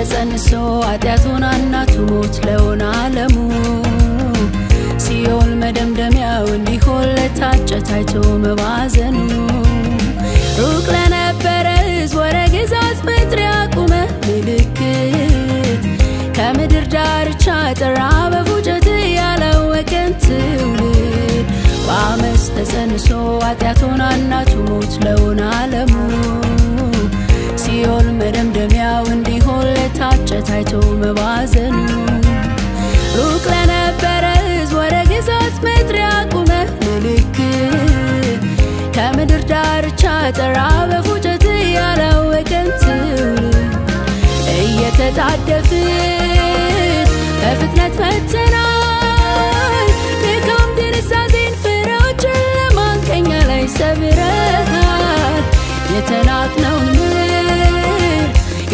ተጸንሶ ኃጢአቱን አናቱት ለሆነ አለሙ ሲኦል መደምደሚያው እንዲሆን ለታጨ ታይቶ መባዘኑ ሩቅ ለነበረ ሕዝብ ወደ ግዛት ምድር ያቁመ ምልክት ከምድር ዳርቻ ጥራ በፉጨት ያለወቅን ትውልድ በአመፅ ተጸንሶ ኃጢአቱን አናቱ ሞት ለሆነ ዓለሙ ታይቶ መባዘኑ ሩቅ ለነበረ ሕዝብ ወደ ግዛት ምድር ያቁመ ምልክ ከምድር ዳርቻ ጠራ በፉጨት ያላወቀን ትውልድ እየተጣደፍን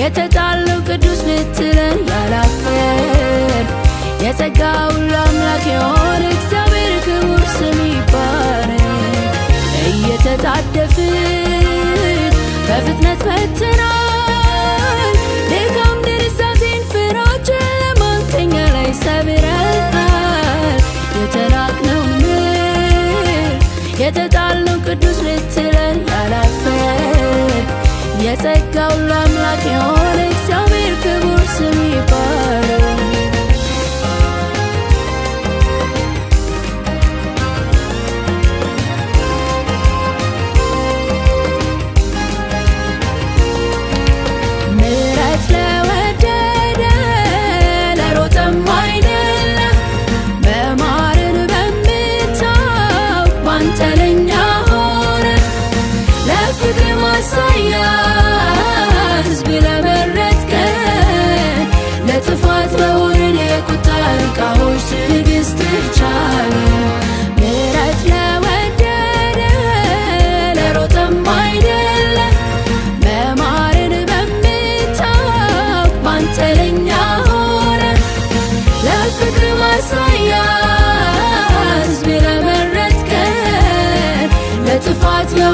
የተጣለው ቅዱስ ልትለን ያላፈር የጸጋ ሁሉ አምላክ የሆነ እግዚአብሔር ክቡር ስም ይባረክ። እየተጣደፍን በፍጥነት መጥተናል። ድካም ድርሳሴን ፍራችን ማንተኛ ላይ ሰብረሃል። የተናቅነውን ምር የተጣለው ቅዱስ ልትለን ያላፈር የጸጋ ሁሉ የሆነ እግዚአብሔር ክቡር ስም ይባረክ።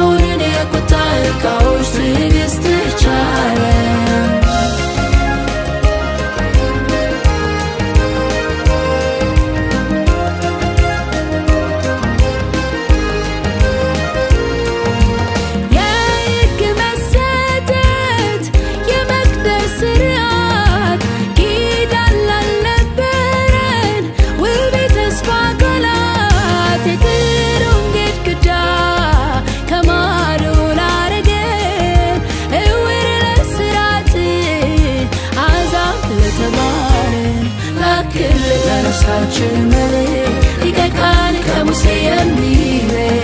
Урюня, як у та, яка у всіх істих чарах የአምላካችን መልክ ሊቀ ቃል ከሙሴ የሚለይ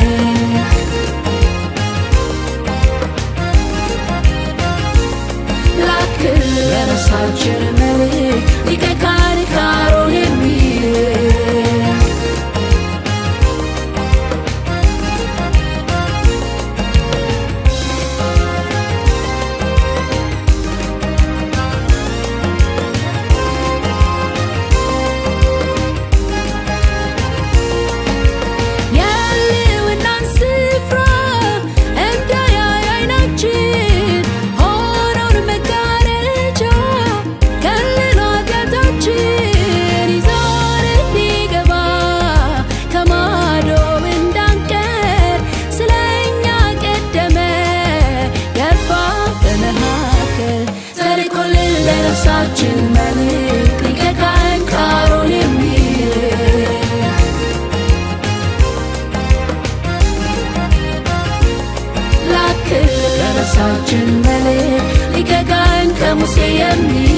ላክል ለነፍሳችን መልክ ሊቀ ቃል የአምላካችን መልክ ሊቀ ካህን የሚል ላክል ለነፍሳችን መልክ ሊቀ ካህን ከሙሴ የሚል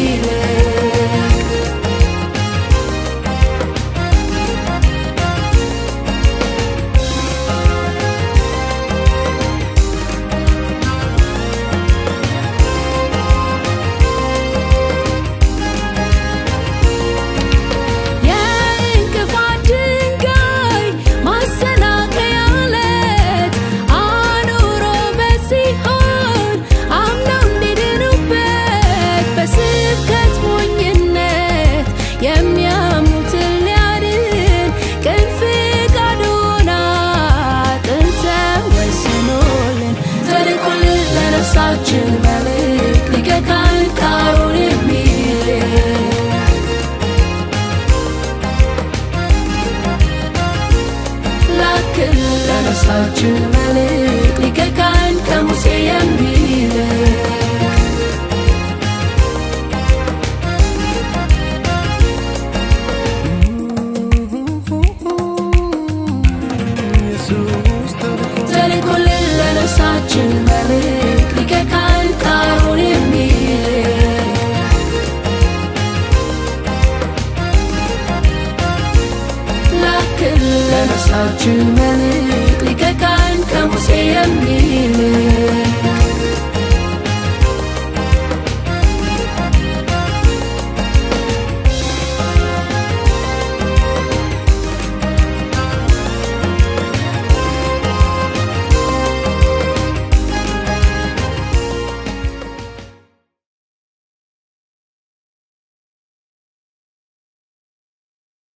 ላክል ለነፍሳችን መልክ ሊከካን ከሙሴ to